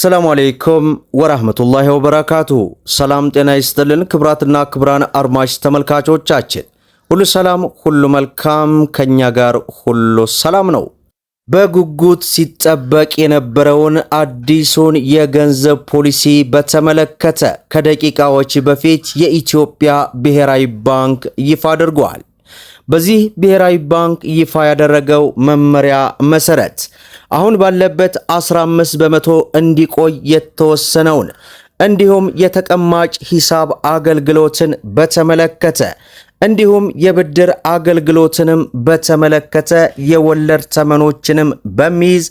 ሰላሙ አሌይኩም ወራህመቱላሂ ወበረካቱ ሰላም ጤና ይስጥልን። ክብራትና ክብራን አድማጭ ተመልካቾቻችን ሁሉ ሰላም፣ ሁሉ መልካም፣ ከኛ ጋር ሁሉ ሰላም ነው። በጉጉት ሲጠበቅ የነበረውን አዲሱን የገንዘብ ፖሊሲ በተመለከተ ከደቂቃዎች በፊት የኢትዮጵያ ብሔራዊ ባንክ ይፋ አድርጓል። በዚህ ብሔራዊ ባንክ ይፋ ያደረገው መመሪያ መሰረት አሁን ባለበት 15 በመቶ እንዲቆይ የተወሰነውን እንዲሁም የተቀማጭ ሂሳብ አገልግሎትን በተመለከተ እንዲሁም የብድር አገልግሎትንም በተመለከተ የወለድ ተመኖችንም በሚይዝ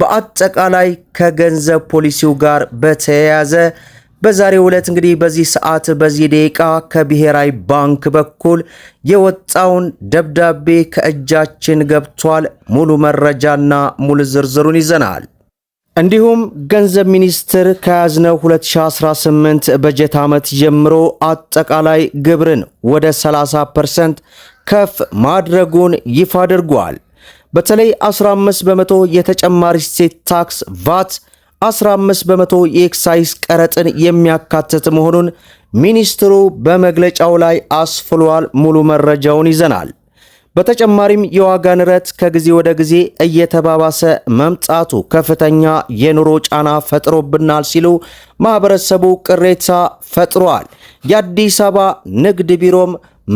በአጠቃላይ ከገንዘብ ፖሊሲው ጋር በተያያዘ በዛሬው ዕለት እንግዲህ በዚህ ሰዓት በዚህ ደቂቃ ከብሔራዊ ባንክ በኩል የወጣውን ደብዳቤ ከእጃችን ገብቷል። ሙሉ መረጃና ሙሉ ዝርዝሩን ይዘናል። እንዲሁም ገንዘብ ሚኒስቴር ከያዝነው 2018 በጀት ዓመት ጀምሮ አጠቃላይ ግብርን ወደ 30% ከፍ ማድረጉን ይፋ አድርጓል። በተለይ 15 በመቶ የተጨማሪ እሴት ታክስ ቫት 15 በመቶ የኤክሳይዝ ቀረጥን የሚያካትት መሆኑን ሚኒስትሩ በመግለጫው ላይ አስፍሏል። ሙሉ መረጃውን ይዘናል። በተጨማሪም የዋጋ ንረት ከጊዜ ወደ ጊዜ እየተባባሰ መምጣቱ ከፍተኛ የኑሮ ጫና ፈጥሮብናል ሲሉ ማህበረሰቡ ቅሬታ ፈጥሯል። የአዲስ አበባ ንግድ ቢሮም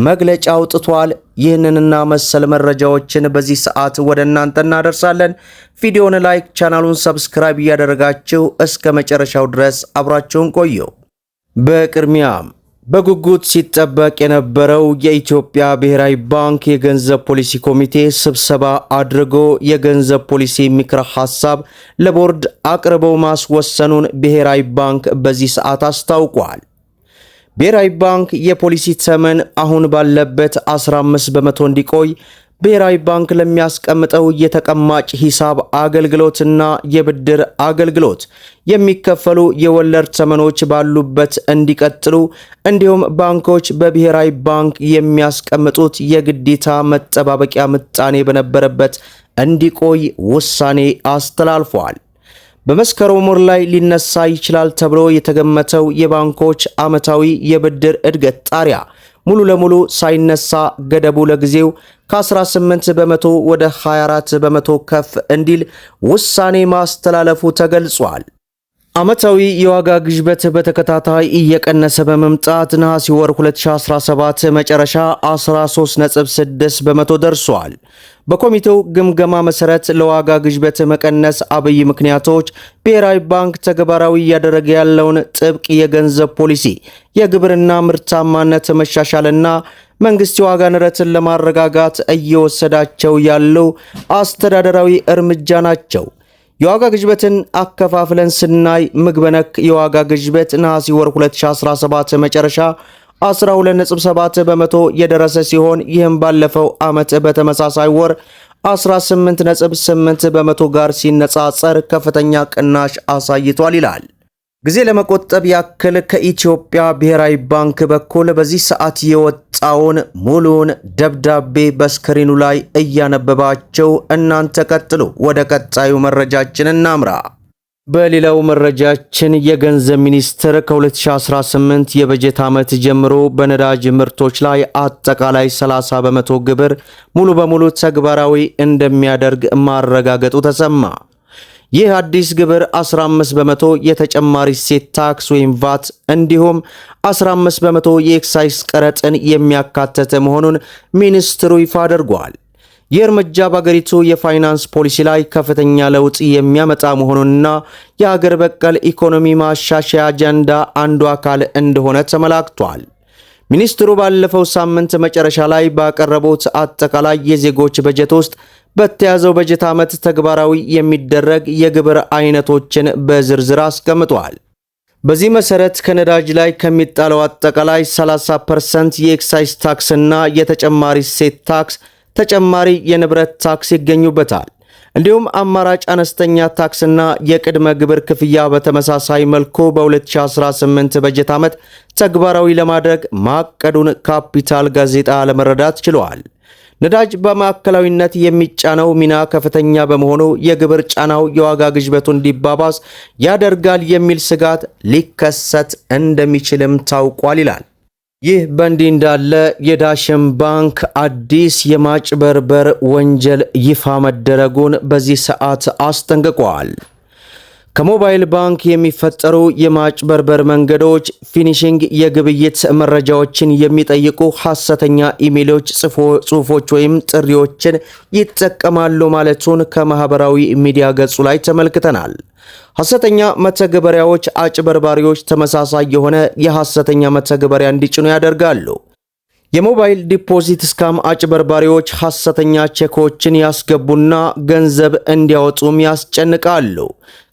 መግለጫ አውጥቷል። ይህንንና መሰል መረጃዎችን በዚህ ሰዓት ወደ እናንተ እናደርሳለን። ቪዲዮውን ላይክ፣ ቻናሉን ሰብስክራይብ እያደረጋችሁ እስከ መጨረሻው ድረስ አብራችሁን ቆዩ። በቅድሚያም በጉጉት ሲጠበቅ የነበረው የኢትዮጵያ ብሔራዊ ባንክ የገንዘብ ፖሊሲ ኮሚቴ ስብሰባ አድርጎ የገንዘብ ፖሊሲ ምክረ ሐሳብ ለቦርድ አቅርበው ማስወሰኑን ብሔራዊ ባንክ በዚህ ሰዓት አስታውቋል። ብሔራዊ ባንክ የፖሊሲ ተመን አሁን ባለበት 15 በመቶ እንዲቆይ ብሔራዊ ባንክ ለሚያስቀምጠው የተቀማጭ ሂሳብ አገልግሎትና የብድር አገልግሎት የሚከፈሉ የወለድ ተመኖች ባሉበት እንዲቀጥሉ እንዲሁም ባንኮች በብሔራዊ ባንክ የሚያስቀምጡት የግዴታ መጠባበቂያ ምጣኔ በነበረበት እንዲቆይ ውሳኔ አስተላልፏል። በመስከረም ወር ላይ ሊነሳ ይችላል ተብሎ የተገመተው የባንኮች ዓመታዊ የብድር እድገት ጣሪያ ሙሉ ለሙሉ ሳይነሳ ገደቡ ለጊዜው ከ18 በመቶ ወደ 24 በመቶ ከፍ እንዲል ውሳኔ ማስተላለፉ ተገልጿል። ዓመታዊ የዋጋ ግሽበት በተከታታይ እየቀነሰ በመምጣት ነሐሴ ወር 2017 መጨረሻ 13.6 በመቶ ደርሷል። በኮሚቴው ግምገማ መሰረት ለዋጋ ግሽበት መቀነስ አብይ ምክንያቶች ብሔራዊ ባንክ ተግባራዊ እያደረገ ያለውን ጥብቅ የገንዘብ ፖሊሲ፣ የግብርና ምርታማነት መሻሻልና መንግስት የዋጋ ንረትን ለማረጋጋት እየወሰዳቸው ያሉ አስተዳደራዊ እርምጃ ናቸው። የዋጋ ግሽበትን አከፋፍለን ስናይ ምግብ ነክ የዋጋ ግሽበት ነሐሴ ወር 2017 መጨረሻ 12.7 በመቶ የደረሰ ሲሆን ይህም ባለፈው ዓመት በተመሳሳይ ወር 18.8 በመቶ ጋር ሲነጻጸር ከፍተኛ ቅናሽ አሳይቷል ይላል። ጊዜ ለመቆጠብ ያክል ከኢትዮጵያ ብሔራዊ ባንክ በኩል በዚህ ሰዓት የወጣውን ሙሉውን ደብዳቤ በስክሪኑ ላይ እያነበባቸው እናንተ ቀጥሉ። ወደ ቀጣዩ መረጃችን እናምራ። በሌላው መረጃችን የገንዘብ ሚኒስቴር ከ2018 የበጀት ዓመት ጀምሮ በነዳጅ ምርቶች ላይ አጠቃላይ 30 በመቶ ግብር ሙሉ በሙሉ ተግባራዊ እንደሚያደርግ ማረጋገጡ ተሰማ። ይህ አዲስ ግብር 15 በመቶ የተጨማሪ እሴት ታክስ ወይም ቫት እንዲሁም 15 በመቶ የኤክሳይዝ ቀረጥን የሚያካተተ መሆኑን ሚኒስትሩ ይፋ አድርጓል። ይህ እርምጃ በአገሪቱ የፋይናንስ ፖሊሲ ላይ ከፍተኛ ለውጥ የሚያመጣ መሆኑንና የሀገር በቀል ኢኮኖሚ ማሻሻያ አጀንዳ አንዱ አካል እንደሆነ ተመላክቷል። ሚኒስትሩ ባለፈው ሳምንት መጨረሻ ላይ ባቀረቡት አጠቃላይ የዜጎች በጀት ውስጥ በተያዘው በጀት ዓመት ተግባራዊ የሚደረግ የግብር አይነቶችን በዝርዝር አስቀምጧል። በዚህ መሰረት ከነዳጅ ላይ ከሚጣለው አጠቃላይ 30 ፐርሰንት የኤክሳይዝ ታክስ እና የተጨማሪ ሴት ታክስ ተጨማሪ የንብረት ታክስ ይገኙበታል። እንዲሁም አማራጭ አነስተኛ ታክስና የቅድመ ግብር ክፍያ በተመሳሳይ መልኩ በ2018 በጀት ዓመት ተግባራዊ ለማድረግ ማቀዱን ካፒታል ጋዜጣ ለመረዳት ችለዋል። ነዳጅ በማዕከላዊነት የሚጫነው ሚና ከፍተኛ በመሆኑ የግብር ጫናው የዋጋ ግሽበቱ እንዲባባስ ያደርጋል የሚል ስጋት ሊከሰት እንደሚችልም ታውቋል ይላል። ይህ በእንዲህ እንዳለ የዳሽን ባንክ አዲስ የማጭበርበር ወንጀል ይፋ መደረጉን በዚህ ሰዓት አስጠንቅቋል። ከሞባይል ባንክ የሚፈጠሩ የማጭበርበር መንገዶች ፊኒሽንግ የግብይት መረጃዎችን የሚጠይቁ ሐሰተኛ ኢሜሎች፣ ጽሑፎች ወይም ጥሪዎችን ይጠቀማሉ ማለቱን ከማህበራዊ ሚዲያ ገጹ ላይ ተመልክተናል። ሐሰተኛ መተግበሪያዎች አጭበርባሪዎች ተመሳሳይ የሆነ የሐሰተኛ መተግበሪያ እንዲጭኑ ያደርጋሉ። የሞባይል ዲፖዚት ስካም አጭበርባሪዎች ሐሰተኛ ቼኮችን ያስገቡና ገንዘብ እንዲያወጡም ያስጨንቃሉ።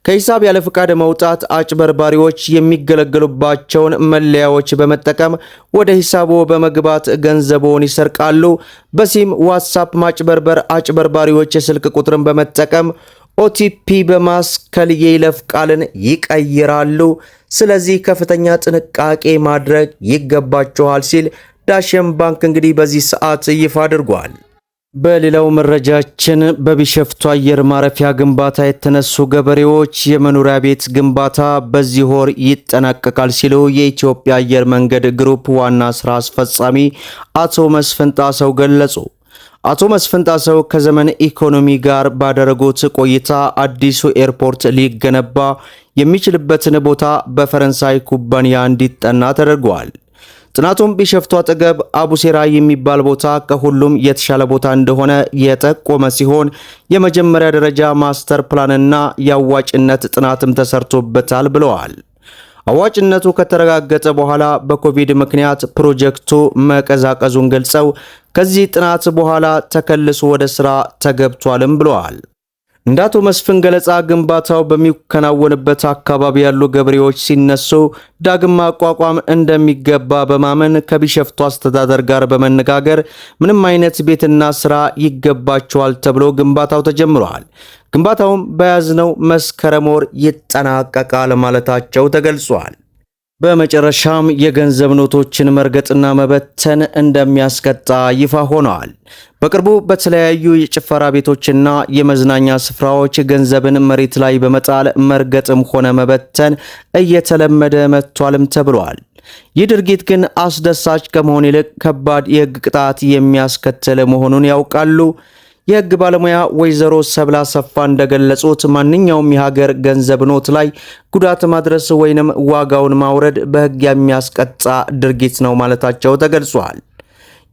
ከሂሳብ ያለ ፍቃድ መውጣት አጭበርባሪዎች የሚገለገሉባቸውን መለያዎች በመጠቀም ወደ ሂሳቦ በመግባት ገንዘቦን ይሰርቃሉ። በሲም ዋትሳፕ ማጭበርበር አጭበርባሪዎች የስልክ ቁጥርን በመጠቀም ኦቲፒ በማስከል የይለፍ ቃልን ይቀይራሉ። ስለዚህ ከፍተኛ ጥንቃቄ ማድረግ ይገባችኋል ሲል ዳሽን ባንክ እንግዲህ በዚህ ሰዓት ይፋ አድርጓል። በሌላው መረጃችን በቢሸፍቱ አየር ማረፊያ ግንባታ የተነሱ ገበሬዎች የመኖሪያ ቤት ግንባታ በዚህ ወር ይጠናቀቃል ሲሉ የኢትዮጵያ አየር መንገድ ግሩፕ ዋና ስራ አስፈጻሚ አቶ መስፍን ጣሰው ገለጹ። አቶ መስፍን ጣሰው ከዘመን ኢኮኖሚ ጋር ባደረጉት ቆይታ አዲሱ ኤርፖርት ሊገነባ የሚችልበትን ቦታ በፈረንሳይ ኩባንያ እንዲጠና ተደርጓል። ጥናቱም ቢሸፍቱ አጠገብ አቡሴራ የሚባል ቦታ ከሁሉም የተሻለ ቦታ እንደሆነ የጠቆመ ሲሆን የመጀመሪያ ደረጃ ማስተር ፕላንና የአዋጭነት ጥናትም ተሰርቶበታል ብለዋል። አዋጭነቱ ከተረጋገጠ በኋላ በኮቪድ ምክንያት ፕሮጀክቱ መቀዛቀዙን ገልጸው ከዚህ ጥናት በኋላ ተከልሶ ወደ ስራ ተገብቷልም ብለዋል። እንደ አቶ መስፍን ገለጻ ግንባታው በሚከናወንበት አካባቢ ያሉ ገበሬዎች ሲነሱ ዳግም ማቋቋም እንደሚገባ በማመን ከቢሸፍቱ አስተዳደር ጋር በመነጋገር ምንም አይነት ቤትና ስራ ይገባቸዋል ተብሎ ግንባታው ተጀምሯል። ግንባታውም በያዝነው መስከረም ወር ይጠናቀቃል ማለታቸው ተገልጿል። በመጨረሻም የገንዘብ ኖቶችን መርገጥና መበተን እንደሚያስቀጣ ይፋ ሆነዋል። በቅርቡ በተለያዩ የጭፈራ ቤቶችና የመዝናኛ ስፍራዎች ገንዘብን መሬት ላይ በመጣል መርገጥም ሆነ መበተን እየተለመደ መጥቷልም ተብሏል። ይህ ድርጊት ግን አስደሳች ከመሆን ይልቅ ከባድ የሕግ ቅጣት የሚያስከትል መሆኑን ያውቃሉ? የህግ ባለሙያ ወይዘሮ ሰብላ ሰፋ እንደገለጹት ማንኛውም የሀገር ገንዘብ ኖት ላይ ጉዳት ማድረስ ወይንም ዋጋውን ማውረድ በህግ የሚያስቀጣ ድርጊት ነው ማለታቸው ተገልጿል።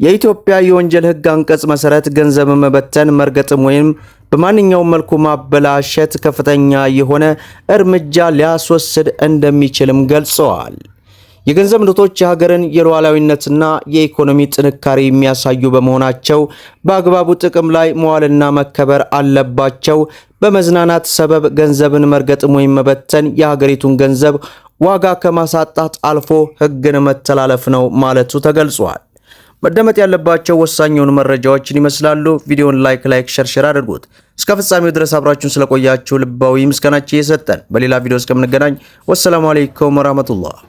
የኢትዮጵያ የወንጀል ህግ አንቀጽ መሰረት ገንዘብ መበተን፣ መርገጥም ወይም በማንኛውም መልኩ ማበላሸት ከፍተኛ የሆነ እርምጃ ሊያስወስድ እንደሚችልም ገልጸዋል። የገንዘብ ኖቶች የሀገርን የሉዓላዊነትና የኢኮኖሚ ጥንካሬ የሚያሳዩ በመሆናቸው በአግባቡ ጥቅም ላይ መዋልና መከበር አለባቸው። በመዝናናት ሰበብ ገንዘብን መርገጥም ወይም መበተን የሀገሪቱን ገንዘብ ዋጋ ከማሳጣት አልፎ ሕግን መተላለፍ ነው ማለቱ ተገልጿል። መደመጥ ያለባቸው ወሳኝ የሆኑ መረጃዎችን ይመስላሉ። ቪዲዮን ላይክ ላይክ ሸርሸር አድርጉት። እስከ ፍጻሜው ድረስ አብራችሁን ስለቆያችሁ ልባዊ ምስጋናችን እየሰጠን በሌላ ቪዲዮ እስከምንገናኝ ወሰላሙ አሌይኩም ወራህመቱላህ